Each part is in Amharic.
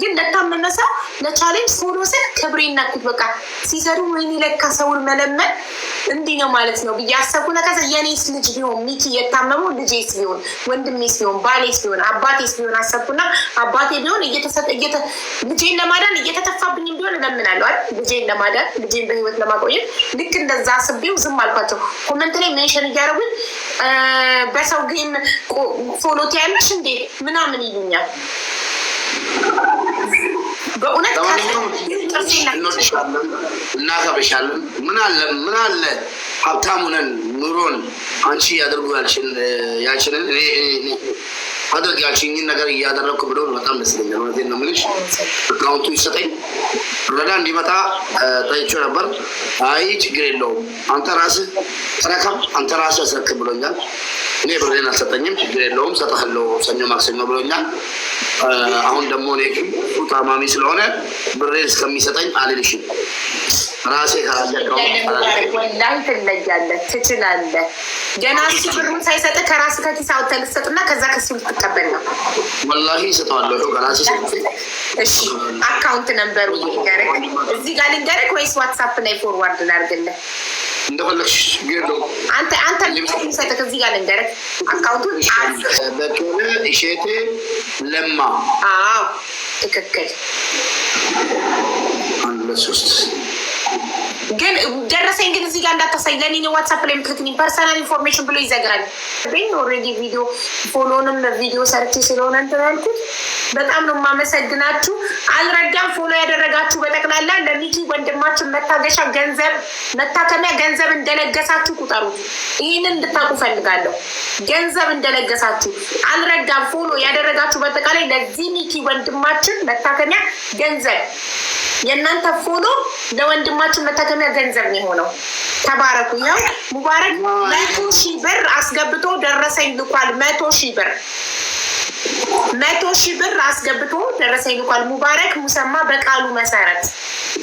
ግን ለታመመ ሰው ለቻሌንጅ ፎሎ ስል ክብሬ እናኩት በቃ ሲሰሩ ወይኔ ለካ ሰውን መለመን እንዲህ ነው ማለት ነው ብዬ አሰብኩና ከዛ የኔስ ልጅ ቢሆን ሚኪ የታመመው ልጄስ ቢሆን ወንድሜስ ቢሆን ባሌስ ቢሆን አባቴስ ቢሆን አሰብኩና አባቴ ቢሆን ልጄን ለማዳን እየተተፋብኝ ቢሆን እለምናለሁ አይደል ልጄን ለማዳን ልጄን በህይወት ለማቆየት ልክ እንደዛ አስቤው ዝም አልኳቸው። ኮመንት ላይ ሜንሽን እያደረጉኝ በሰው ግን ፎሎቲ ያለሽ እንዴ ምናምን ይሉኛል። በእውነት እናከብርሻለን። ምን አለ ምን አለ ሀብታም ነን ኑሮን አንቺ እያደርጉ ያልችንን አድርጋችሁኝ ነገር እያደረግኩ ብሎ በጣም ደስ ይለኛል። እውነቴን ነው የምልሽ። አካውንቱ ይሰጠኝ ረዳ እንዲመጣ ጠይቼው ነበር። አይ ችግር የለውም አንተ ራስህ ተረከብ፣ አንተ ራስህ አስረክብ ብሎኛል። እኔ ብሬን አልሰጠኝም፣ ችግር የለውም ሰጠህለው ሰኞ ማክሰኞ ብሎኛል። አሁን ደግሞ እኔ ታማሚ ስለሆነ ብሬን እስከሚሰጠኝ አልልሽም። ራሴ ላይ ትለያለህ፣ ትችላለህ። ገና እሱ ብሩን ሳይሰጥ ከራስ ከኪስ አውጥተህ ልትሰጥና ከዛ ከሱ ልትቀበል ነው። ወላሂ እሰጠዋለሁ ከራሴ እሺ አካውንት ነንበሩ ልንገርህ፣ እዚህ ጋር ልንገርህ ወይስ ዋትሳፕ ላይ ፎርዋርድ ላድርግልህ? እንደፈለግሽ ቢሄደው አንተ አንተ ሰጠክ እዚህ ጋር ልንገርህ፣ አካውንቱን በቶለ እሸቴ ለማ። አዎ ትክክል። አንድ ሶስት ግን ደረሰኝ ግን እዚህ ጋር እንዳታሳይ ለኔ ዋትሳፕ ላይ የምትልክኝ ፐርሰናል ኢንፎርሜሽን ብሎ ይዘግራል። ኦልሬዲ ቪዲዮ ፎሎንም ቪዲዮ ሰርቼ ስለሆነ እንትን ያልኩት በጣም ነው የማመሰግናችሁ። አልረዳም ፎሎ ያደረጋችሁ በጠቅላላ ለሚኪ ወንድማችን መታገሻ ገንዘብ መታከሚያ ገንዘብ እንደለገሳችሁ ቁጠሩ። ይህንን እንድታውቁ ፈልጋለሁ። ገንዘብ እንደለገሳችሁ አልረዳም ፎሎ ያደረጋችሁ በጠቃላይ ለዚህ ሚኪ ወንድማችን መታከሚያ ገንዘብ የእናንተ ፎሎ ለወንድማችን መታከሚያ ገንዘብ ነው የሆነው። ተባረኩ። ያው ሙባረክ መቶ ሺህ ብር አስገብቶ ደረሰኝ ልኳል። መቶ ሺህ ብር መቶ ሺህ ብር አስገብቶ ደረሰኝ ልኳል። ሙባረክ ሙሰማ በቃሉ መሰረት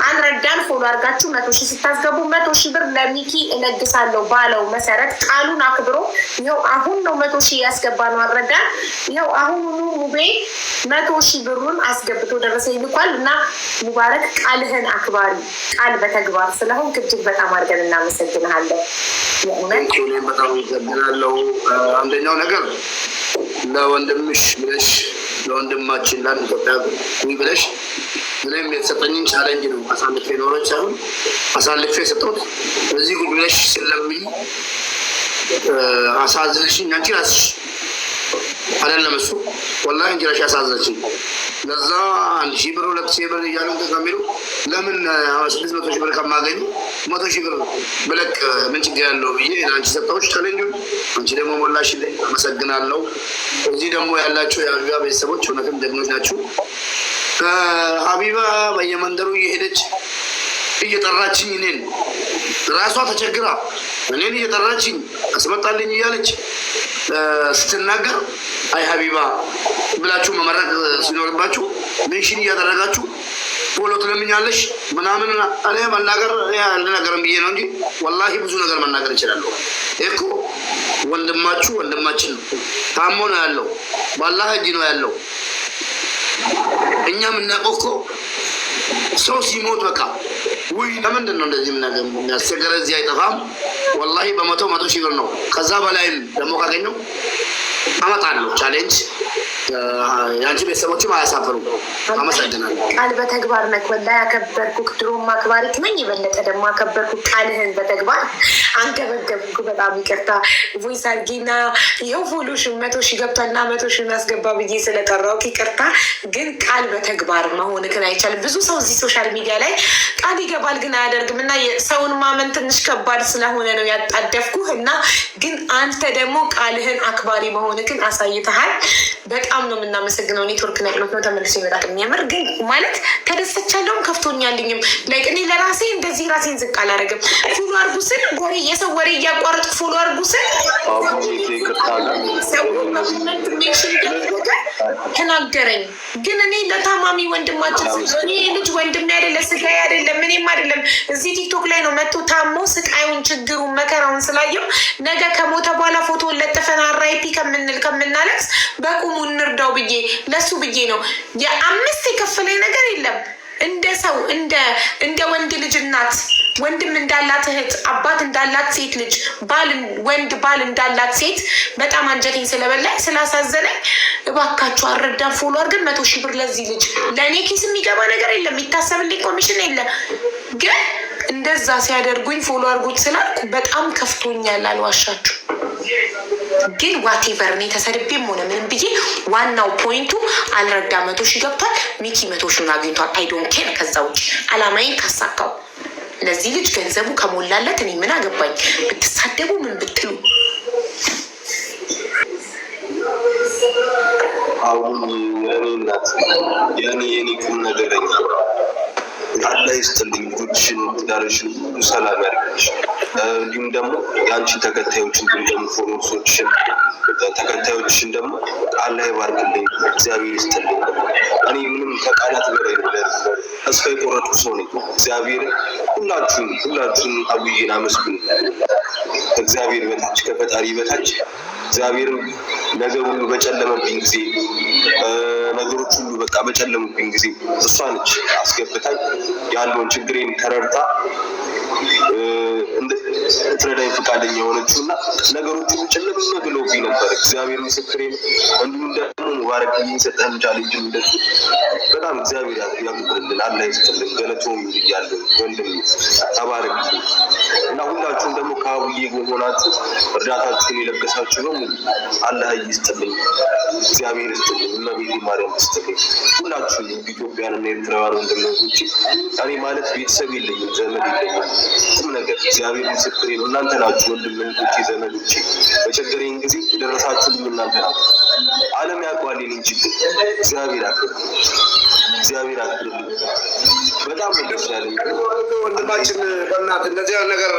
አንረዳን ፎሎ አድርጋችሁ መቶ ሺህ ስታስገቡ መቶ ሺህ ብር ለሚኪ እለግሳለሁ ባለው መሰረት ቃሉን አክብሮ ይኸው አሁን ነው መቶ ሺህ ያስገባ ነው አንረዳን። ይኸው ሁኑ ሙቤ መቶ ሺህ ብሩን አስገብቶ ደረሰኝ ልኳል እና ሙባረክ ቃልህን አክባሪ ቃል በተግባር ስለሆን እጅግ በጣም አድርገን እናመሰግንሃለን። በጣም ይዘግናለው አንደኛው ነገር ለወንድምሽ ብለሽ ለወንድማችን ላን ኢትዮጵያ ብለሽ ምንም የተሰጠኝን ቻለንጅ ነው አሳልፌ ኖረች ሳይሆን አሳልፌ የሰጠሁት እዚህ ብለሽ ስለምኝ አሳዝንሽኝ አንቺ ራስሽ አለን ለመሱ ወላሂ እንጂ ራስሽ አሳዝነችኝ። ለዛ አንድ ሺህ ብር ሁለት ሺህ ብር እያለ ከሚሉ ለምን ስድስት መቶ ሺህ ብር ከማገኙ መቶ ሺህ ብር ብለቅ ምን ችግር ያለው ብዬ ለአንቺ ሰጠሁሽ። ቻሌንጁን አንቺ ደግሞ ሞላሽ። አመሰግናለሁ። እዚህ ደግሞ ያላቸው የአቢባ ቤተሰቦች እውነትም ደግኖች ናችሁ። ሀቢባ በየመንደሩ እየሄደች እየጠራችኝ እኔን ራሷ ተቸግራ እኔን እየጠራችኝ አስመጣልኝ እያለች ስትናገር አይ ሀቢባ ብላችሁ መመረቅ ሲኖርባችሁ ሜንሽን እያደረጋችሁ ፎሎ ትለምኛለሽ ምናምን እኔ መናገር አንድ ብዬ ነው እንጂ ወላሂ ብዙ ነገር መናገር እችላለሁ እኮ። ወንድማችሁ ወንድማችን ነው። ታሞ ነው ያለው፣ ባላህ እጅ ነው ያለው። እኛ የምናውቀው እኮ ሰው ሲሞት በቃ ለምንድን ነው እንደዚህ ነገር የሚያስቸገረ? እዚህ አይጠፋም ወላሂ፣ በመቶ መቶ ሺህ ብር ነው ከዛ በላይም ደግሞ ካገኘው አመጣለሁ። ቻሌንጅ የአንቺ ቤተሰቦችም አያሳፍሩ። አመሰግናለሁ። ቃል በተግባር ነክ ወላሂ ያከበርኩክ ድሮም አክባሪት ነኝ። የበለጠ ደግሞ አከበርኩ። ቃልህን በተግባር አንገበገብኩ። በጣም ይቅርታ ቮይስ አድርጊና ይኸው ፎሎሽ መቶ ሺ ገብቷልና መቶ ሺ ያስገባ ብዬ ስለጠራሁት ይቅርታ። ግን ቃል በተግባር መሆንክን አይቻልም። ብዙ ሰው እዚህ ሶሻል ሚዲያ ላይ ቃል ይገባል ግን አያደርግም እና ሰውን ማመን ትንሽ ከባድ ስለሆነ ነው ያጣደፍኩህ እና ግን አንተ ደግሞ ቃልህን አክባሪ መሆን እንደሆነ ግን አሳይተሃል። በጣም ነው የምናመሰግነው። ኔትወርክ ናቅሎት ነው ተመልሶ ይመጣል። የሚያምር ግን ማለት ተደሰቻለሁም ከፍቶኛልኝም። ላይክ እኔ ለራሴ እንደዚህ ራሴን ዝቅ አላደረግም። ፎሎ አርጉ ስል ወሬ የሰው ወሬ እያቋረጡ ፎሎ አርጉ ስል ተናገረኝ። ግን እኔ ለታማሚ ወንድማችን እኔ ልጅ ወንድም አይደለ ስጋ አይደለም ምንም አይደለም። እዚህ ቲክቶክ ላይ ነው መጥቶ ታሞ ስቃዩን፣ ችግሩን፣ መከራውን ስላየው ነገ ከሞተ በኋላ ፎቶ ለጥፈን አራይፒ ከምን ከምንል ከምናለቅስ በቁሙ እንርዳው ብዬ ለሱ ብዬ ነው። የአምስት የከፈለኝ ነገር የለም። እንደ ሰው እንደ ወንድ ልጅ እናት ወንድም እንዳላት እህት፣ አባት እንዳላት ሴት ልጅ ወንድ ባል እንዳላት ሴት በጣም አንጀቴን ስለበላኝ ስላሳዘነኝ፣ እባካችሁ አረዳን ፎሎ አድርገን መቶ ሺህ ብር ለዚህ ልጅ ለእኔ ኪስ የሚገባ ነገር የለም፣ የሚታሰብልኝ ኮሚሽን የለም። ግን እንደዛ ሲያደርጉኝ ፎሎ አድርጉት ስላልኩ በጣም ከፍቶኛል፣ አልዋሻችሁ። ግን ዋቴቨር እኔ ተሰድቤም ሆነ ምንም ብዬ ዋናው ፖይንቱ አልረዳ መቶ ሺ ገብቷል። ሚኪ መቶ ሺውን አግኝቷል። አይዶን ኬር ከዛ ውጭ አላማዬን ካሳካው ለዚህ ልጅ ገንዘቡ ከሞላለት እኔ ምን አገባኝ? ብትሳደቡ ምን ብትሉ አሁን የኔ የኔ ቁም ነገረኛ ይስጥልኝ። ልጆችሽን፣ ትዳርሽን ሁሉ ሰላም ያድርግልሽ። እንዲሁም ደግሞ የአንቺን ተከታዮች እንዲሁም ደግሞ ፎሎሶችን ተከታዮችሽን ደግሞ አላህ ይባርክልኝ፣ እግዚአብሔር ይስጥልኝ። እኔ ምንም ከቃላት በላይ ነው። ተስፋ የቆረጡ ሰው ነኝ። እግዚአብሔር ሁላችሁን ሁላችሁን አብይን አመስግኑ። ከእግዚአብሔር በታች ከፈጣሪ በታች እግዚአብሔርም ነገር ሁሉ በጨለመብኝ ጊዜ ነገሮች ሁሉ በጨለሙብኝ ጊዜ እሷ ነች አስገብታኝ ያለውን ችግሬን ተረድታ ትረዳኝ ፈቃደኛ የሆነችው እና ነገሮቹ ጭልም ብለውብኝ ነበር። እግዚአብሔር ምስክሬ ነው። እንዲሁም ደግሞ ሙባረክ የሚሰጠን ቻሌንጅ እንደሱ በጣም እግዚአብሔር ያክብርልን፣ አላህ ይስጥልን። ገለቶም ያለ ወንድም ተባረክ። እና ሁላችሁም ደግሞ ከአብዬ ጎን ሆናችሁ እርዳታችሁን የለገሳችሁ ነው። አላህ ይስጥልኝ፣ እግዚአብሔር ይስጥልኝ፣ እመቤቴ ማርያም ይስጥልኝ። ሁላችሁም እና ኤርትራውያን ወንድሞቼ እኔ ማለት ቤተሰብ የለኝም፣ ዘመድ የለኝም፣ ምንም ነገር እግዚአብሔር ምስክሬ ነው። እናንተ ናችሁ ወንድሞቼ፣ ዘመዶቼ። በቸገረኝ ጊዜ የደረሳችሁልኝ እናንተ ናችሁ። ዓለም ያውቀዋል የእኔን ችግር እግዚአብሔር ያውቃል። እግዚአብሔር አክልልኝ። በጣም ይደሳል ወንድማችን። በእናት እንደዚህ ነገር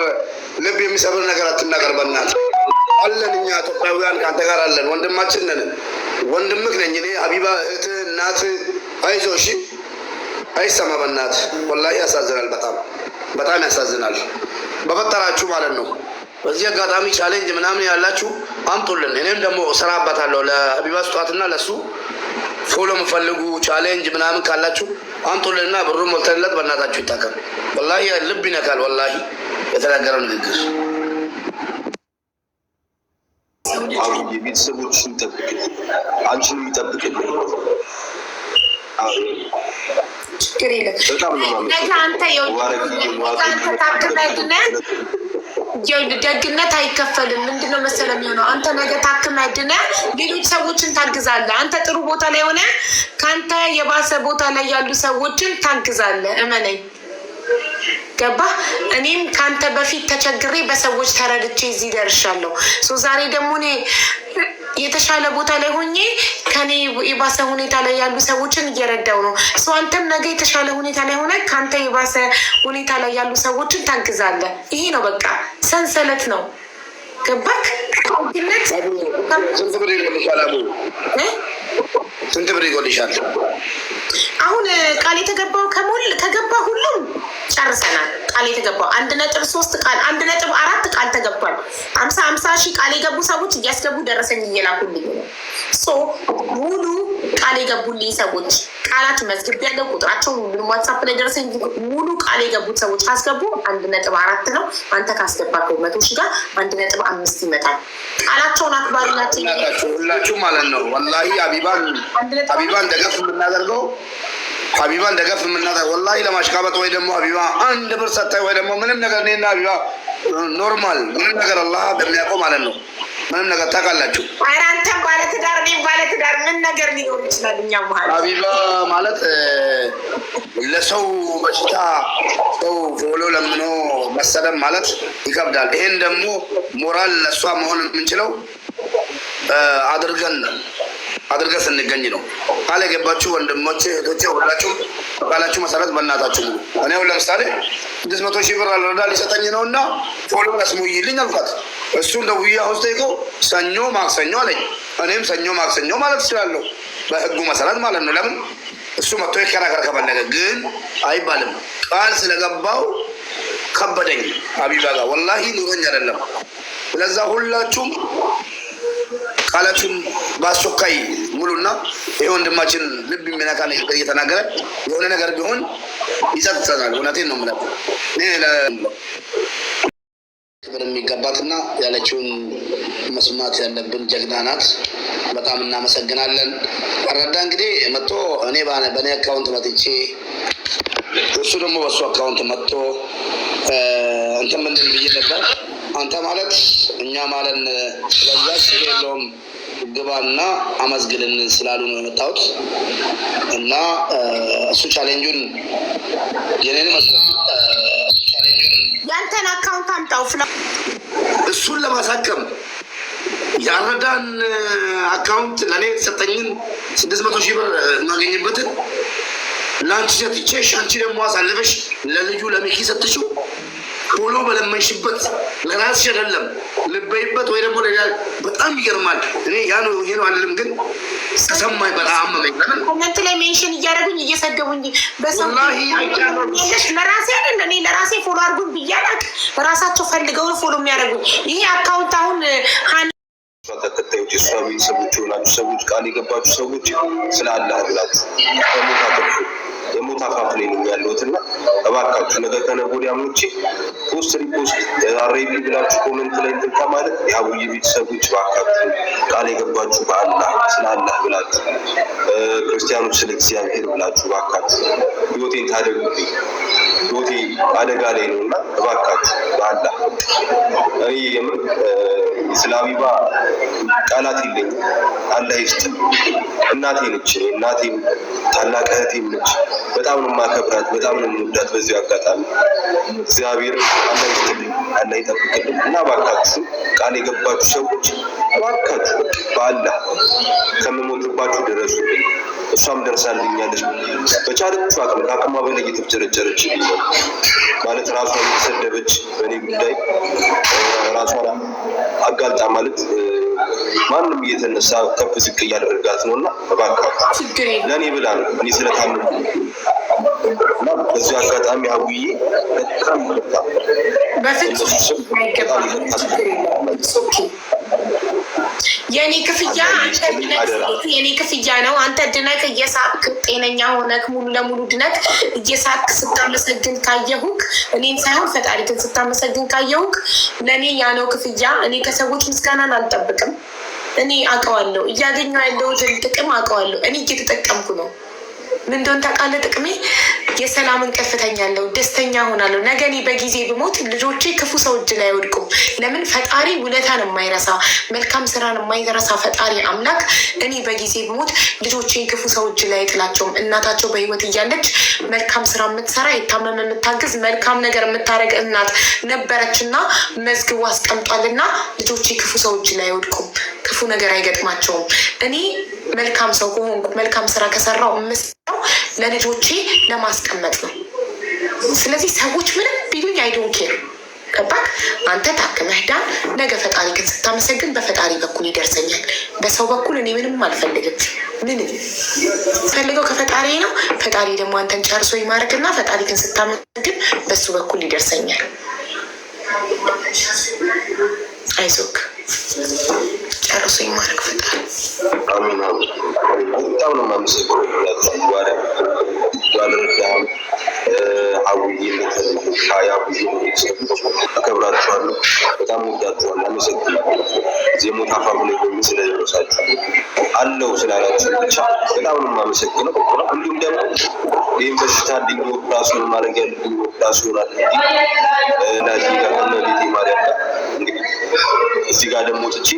ልብ የሚሰብር ነገር አትናገር። በእናት አለን እኛ ኢትዮጵያውያን ከአንተ ጋር አለን። ወንድማችን ነን። ወንድምህ ነኝ እኔ ሀቢባ እህት እናት። አይዞ እሺ። አይሰማ በእናት ወላሂ ያሳዝናል። በጣም በጣም ያሳዝናል። በፈጠራችሁ ማለት ነው። በዚህ አጋጣሚ ቻሌንጅ ምናምን ያላችሁ አምጡልን። እኔም ደግሞ አባታለሁ ለሀቢባ ስጧትና ለሱ ፎሎ የምፈልጉ ቻሌንጅ ምናምን ካላችሁ አምጡልንና ብሩ ሞልተንለት በእናታችሁ ይታከም። ወላሂ ልብ ይነካል። ወላሂ የተናገረው ንግግር ቤተሰቦችሽን ይጠብቅል፣ አንቺንም ይጠብቅል። ችግር የለም። አንተ ደግነት አይከፈልም። ምንድነው መሰለ የሚሆነው አንተ ነገ ታክም ድነ ሌሎች ሰዎችን ታግዛለህ። አንተ ጥሩ ቦታ ላይ ሆነ ከአንተ የባሰ ቦታ ላይ ያሉ ሰዎችን ታግዛለህ። እመነኝ። ገባ እኔም ከአንተ በፊት ተቸግሬ በሰዎች ተረድቼ እዚህ ደርሻለሁ። ዛሬ ደግሞ እኔ የተሻለ ቦታ ላይ ሆኜ ከኔ የባሰ ሁኔታ ላይ ያሉ ሰዎችን እየረዳው ነው። አንተም ነገ የተሻለ ሁኔታ ላይ ሆነ ከአንተ የባሰ ሁኔታ ላይ ያሉ ሰዎችን ታግዛለ። ይሄ ነው በቃ ሰንሰለት ነው። ገባክ? ስንት ብር ይጎልሻል? አሁን ቃል የተገባው ከሞል ከገባ ሁሉም ጨርሰናል። ቃል የተገባው አንድ ነጥብ ሶስት ቃል አንድ ነጥብ አራት ቃል ተገባል። አምሳ አምሳ ሺህ ቃል የገቡ ሰዎች እያስገቡ ደረሰኝ እየላኩልኝ ነው ሙሉ ቃል የገቡልኝ ሰዎች ቃላት መዝግብ ያለው ቁጥራቸው ሁሉንም ዋትሳፕ ላይ ደረሰኝ ሙሉ ቃል የገቡት ሰዎች ካስገቡ አንድ ነጥብ አራት ነው። አንተ ካስገባከው መቶ ሺ ጋር አንድ ነጥብ አምስት ይመጣል። ቃላቸውን አክባሪ ናቸው ሁላችሁ ማለት ነው። ወላሂ አቢባን አቢባን ደገፍ የምናደርገው አቢባን ደገፍ የምናደርገው ወላሂ ለማሽቃበጥ ወይ ደግሞ አቢባ አንድ ብር ሰጠ ወይ ደግሞ ምንም ነገር እኔና አቢባ ኖርማል ምንም ነገር አላህ በሚያውቀው ማለት ነው ምንም ነገር ታውቃላችሁ። ኧረ አንተም ባለትዳር እኔም ባለትዳር ምን ነገር ሊኖር ይችላል? እኛ መሀል ማለት ለሰው በሽታ ሰው ፎሎ ለምኖ መሰደብ ማለት ይከብዳል። ይሄን ደግሞ ሞራል ለእሷ መሆን የምንችለው አድርገን አድርገን ስንገኝ ነው። ቃል የገባችሁ ወንድሞች እህቶቼ፣ ሁላችሁ በቃላችሁ መሰረት በእናታችሁ እኔ ለምሳሌ ስድስት መቶ ሺህ ብር አልረዳ ሊሰጠኝ ነው እና ፎሎ ያስሙይልኝ አልኳት። እሱን ደውዬ አሁን ሰኞ ማክሰኞ አለኝ። እኔም ሰኞ ማክሰኞ ማለት እችላለሁ በህጉ መሰረት ማለት ነው። ለምን እሱ መጥቶ ይከራከር ከፈለገ ግን አይባልም። ቃል ስለገባው ከበደኝ አቢባ ጋር ወላሂ ኑሮኝ አይደለም። ስለዛ ሁላችሁም ቃላችሁን በአስቸኳይ ሙሉና ይህ ወንድማችን ልብ የሚነካ ነገር እየተናገረ የሆነ ነገር ቢሆን ይጸጥሰናል። እውነቴን ነው የምለው። ክብር የሚገባትና ያለችውን መስማት ያለብን ጀግና ናት። በጣም እናመሰግናለን። አረዳ እንግዲህ መጥቶ እኔ በእኔ አካውንት መጥቼ እሱ ደግሞ በሱ አካውንት መጥቶ እንትን ምንድን ብዬ ነበር አንተ ማለት እኛ ማለን ስለዛች የለውም ግባና አመዝግልን ስላሉ ነው የመጣሁት እና እሱ ቻሌንጁን የኔን መስለ ያንተን አካውንት አምጣው ፍላ እሱን ለማሳከም የአረዳን አካውንት ለእኔ የተሰጠኝን ስድስት መቶ ሺህ ብር የማገኝበትን ለአንቺ ሰጥቼሽ አንቺ ደግሞ አሳልፈሽ ለልጁ ለሚኪ ሰጥሽው ቶሎ በለመንሽበት ለራስሽ አይደለም ልበይበት ወይ ደግሞ ሌላ በጣም ይገርማል። እኔ ያ ነው ይሄ ነው አልልም፣ ግን ተሰማኝ። በጣም አመመኝ። ለምን ኮመንት ላይ ሜንሽን እያደረጉኝ እየሰደቡኝ በሰው ለራሴ ምናምን ብያላቅ ራሳቸው ፈልገው ፎሎ የሚያደርጉ ይህ አካውንት አሁን ተከታዮች የእሷ ቤተሰቦች የሆናችሁ ሰዎች ቃል የገባችሁ ሰዎች ስለ አላህ ብላችሁ ሞታ አትርፉ። የሞት አፋፍ ላይ ነው ያለሁት እና እባካችሁ ነገ ከነገ ወዲያ አምኖቼ ፖስት ሪፖስት አሬቢ ብላችሁ ኮመንት ላይ እንትን ከማለት የአቡዬ ቤተሰቦች እባካችሁ ቃል የገባችሁ በአላህ ስለ አላህ ብላችሁ ክርስቲያኖች ስለ እግዚአብሔር ብላችሁ እባካችሁ ህይወቴን ታደጉ። ህይወቴ አደጋ ላይ ነው እና እባካችሁ በአላህ እኔ የምር ስለ አቢባ ቃላት የለኝም። አላህ ይስጥ። እናቴ ነች። እናቴ ታላቅ እህቴም ነች። በጣም ነው ማከብራት፣ በጣም ነው ምወዳት። በዚሁ አጋጣሚ እግዚአብሔር አላ ይስጥልኝ፣ አላ ይጠብቅልኝ እና ባካችሁ ቃል የገባችሁ ሰዎች ባካችሁ በአላ ከምሞትባችሁ ድረሱልኝ። እሷም ደርሳልኛለች። በቻለችው አቅም ከአቅሟ በላይ እየተፍጨረጨረች ማለት ራሷን የተሰደበች በእኔ ጉዳይ ራሷን አጋልጣ ማለት ማንም እየተነሳ ከፍ ዝቅ እያደረጋት ነው እና እባካችሁ ለእኔ ብላ ነው እኔ ስለታመምኩ እና በዚህ አጋጣሚ አውዬ በጣም ይቅርታ የኔ ክፍያ የኔ ክፍያ ነው። አንተ ድነክ እየሳቅ ጤነኛ ሆነክ ሙሉ ለሙሉ ድነክ እየሳቅ ስታመሰግን ካየሁክ እኔን ሳይሆን ፈጣሪትን ስታመሰግን ካየሁክ ለእኔ ያለው ክፍያ እኔ ከሰዎች ምስጋናን አልጠብቅም። እኔ አውቀዋለሁ፣ እያገኘሁ ያለሁትን ጥቅም አውቀዋለሁ። እኔ እየተጠቀምኩ ነው። ምን እንደሆነ ታውቃለህ ጥቅሜ የሰላምን ከፍተኛለሁ፣ ደስተኛ ሆናለሁ። ነገ እኔ በጊዜ ብሞት ልጆቼ ክፉ ሰው እጅ ላይ አይወድቁም። ለምን ፈጣሪ ውለታን የማይረሳ መልካም ስራን የማይረሳ ፈጣሪ አምላክ እኔ በጊዜ ብሞት ልጆቼ ክፉ ሰው እጅ ላይ አይጥላቸውም። እናታቸው በህይወት እያለች መልካም ስራ የምትሰራ የታመመ የምታግዝ መልካም ነገር የምታደርግ እናት ነበረችና መዝግቡ አስቀምጧልና ልጆቼ ክፉ ሰው እጅ ላይ አይወድቁም፣ ክፉ ነገር አይገጥማቸውም። እኔ መልካም ሰው ከሆንኩ መልካም ስራ ከሰራው የምሰራው ለልጆቼ ለማስቀመጥ ነው። ስለዚህ ሰዎች ምንም ቢሉኝ አይዶን ኬር ገባክ? አንተ ታክመህ ዳን። ነገ ፈጣሪ ግን ስታመሰግን በፈጣሪ በኩል ይደርሰኛል። በሰው በኩል እኔ ምንም አልፈልግም። ምንም ፈልገው ከፈጣሪ ነው። ፈጣሪ ደግሞ አንተን ጨርሶ ይማርክና ፈጣሪ ግን ስታመሰግን በሱ በኩል ይደርሰኛል። አይዞክ ጨርሶ ይማርክ ፈጣሪ no no por la ያለምዳም አውይ ሻያ ብዙ አከብራችኋለሁ። በጣም ወዳችኋለሁ። አመሰግናለሁ። ዜሞት አፋፍ ሆኑ ስለደረሳችሁ አለው ስላላችሁ ብቻ በጣም ነው የማመሰግነው። እንዲሁም ደግሞ ይህም በሽታ ድኞ ራሱን ማድረግ ያለብኝ ራሱን አድርጌ ናዚ ጋር ቤቴ ማርያም ጋር እንግዲህ እዚህ ጋር ደግሞ ትቼ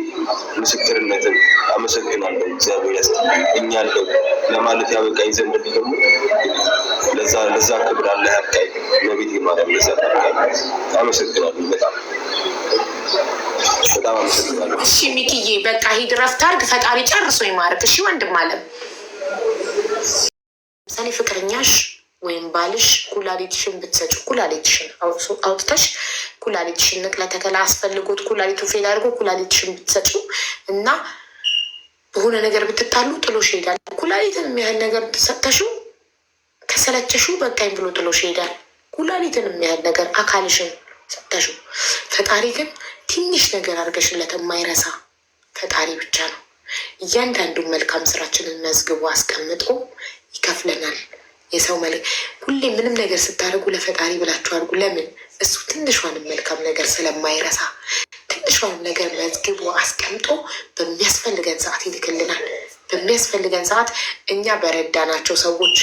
ምስክርነትን አመሰግናለሁ። እግዚአብሔር ያስት እኛለው ለማለት ያበቃኝ ዘንድ ደግሞ ለዛ ለዛ ክብር አለ ያርካኝ ለቤት ማርያም ለዛ ታርካኝ። አመሰግናለሁ በጣም በጣም አመሰግናለሁ። እሺ ሚኪዬ በቃ ሂድ ረፍት አድርግ። ፈጣሪ ጨርሶ ይማርክ። እሺ ወንድም አለም ምሳሌ ፍቅረኛሽ ወይም ባልሽ ኩላሊትሽን ብትሰጭ ኩላሊትሽን አውጥተሽ ኩላሊትሽን ንቅለ ተከላ አስፈልጎት ኩላሊቱ ፌል አድርጎ ኩላሊትሽን ብትሰጭ እና በሆነ ነገር ብትታሉ ጥሎሽ ይሄዳል። ኩላሊትን የሚያህል ነገር ሰጥተሽው ከሰለቸሹ በቃኝ ብሎ ጥሎሽ ይሄዳል። ኩላሊትን የሚያህል ነገር አካልሽን ሰተሹ። ፈጣሪ ግን ትንሽ ነገር አድርገሽለት የማይረሳ ፈጣሪ ብቻ ነው። እያንዳንዱን መልካም ስራችንን መዝግቦ አስቀምጦ ይከፍለናል። የሰው መለ ሁሌ ምንም ነገር ስታደርጉ ለፈጣሪ ብላችሁ አድርጉ። ለምን እሱ ትንሿንም መልካም ነገር ስለማይረሳ ትንሿንም ነገር መዝግቦ አስቀምጦ በሚያስፈልገን ሰዓት ይልክልናል። በሚያስፈልገን ሰዓት እኛ በረዳናቸው ሰዎች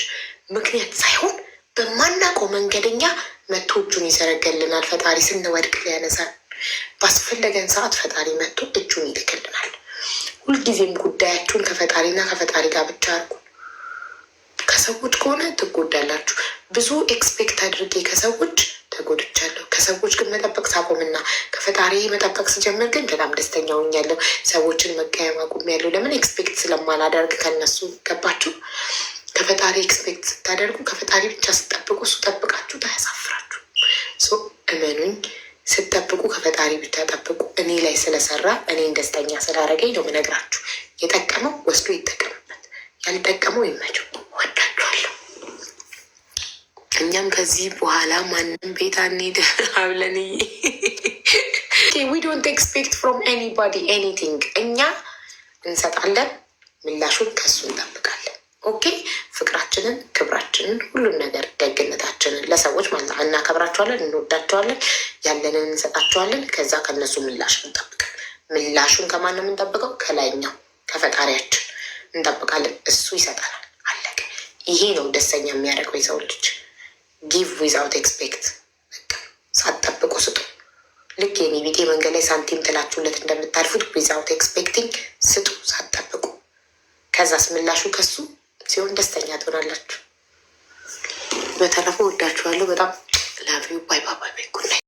ምክንያት ሳይሆን በማናውቀው መንገደኛ መቶ እጁን ይዘረገልናል። ፈጣሪ ስንወድቅ ሊያነሳን ባስፈለገን ሰዓት ፈጣሪ መቶ እጁን ይልክልናል። ሁልጊዜም ጉዳያችሁን ከፈጣሪና ከፈጣሪ ጋር ብቻ አርጉ። ከሰዎች ከሆነ ትጎዳላችሁ። ብዙ ኤክስፔክት አድርጌ ከሰዎች ተጎድቻለሁ። ከሰዎች ግን መጠበቅ ሳቆምና ከፈጣሪ መጠበቅ ስጀምር ግን በጣም ደስተኛ ሆኛለሁ። ሰዎችን መቀየም አቁሜያለሁ። ለምን ኤክስፔክት ስለማላደርግ ከነሱ ገባችሁ? ከፈጣሪ ኤክስፔክት ስታደርጉ ከፈጣሪ ብቻ ስጠብቁ እሱ ጠብቃችሁት ታያሳፍራችሁ። እመኑኝ፣ ስጠብቁ ከፈጣሪ ብቻ ጠብቁ። እኔ ላይ ስለሰራ እኔን ደስተኛ ስላደረገኝ ነው የምነግራችሁ። የጠቀመው ወስዶ ይጠቀምበት፣ ያልጠቀመው ይመቸው። ወዳችኋለሁ። እኛም ከዚህ በኋላ ማንም ቤት አንሄድ አብለንዬ ዊ ዶንት ኤክስፔክት ፍሮም ኤኒባዲ ኤኒቲንግ። እኛ እንሰጣለን፣ ምላሹን ከሱ እንጠብቃለን። ኦኬ ፍቅራችንን፣ ክብራችንን፣ ሁሉን ነገር ደግነታችንን ለሰዎች ማለት ነው እናከብራቸዋለን፣ እንወዳቸዋለን፣ ያለንን እንሰጣቸዋለን። ከዛ ከነሱ ምላሽ እንጠብቃል። ምላሹን ከማን ነው የምንጠብቀው? ከላይኛው ከፈጣሪያችን እንጠብቃለን። እሱ ይሰጠናል። አለቀ። ይሄ ነው ደስተኛ የሚያደርገው የሰው ልጅ። ጊቭ ዊዛውት ኤክስፔክት፣ ሳትጠብቁ ስጡ። ልክ የኔ ቢጤ መንገድ ላይ ሳንቲም ትላችሁለት እንደምታልፉት ዊዛውት ኤክስፔክቲንግ ስጡ፣ ሳትጠብቁ። ከዛስ ምላሹ ከሱ ሲሆን ደስተኛ ትሆናላችሁ። በተረፈ ወዳችኋለሁ። በጣም ላቪዩ ባይ ባባይ።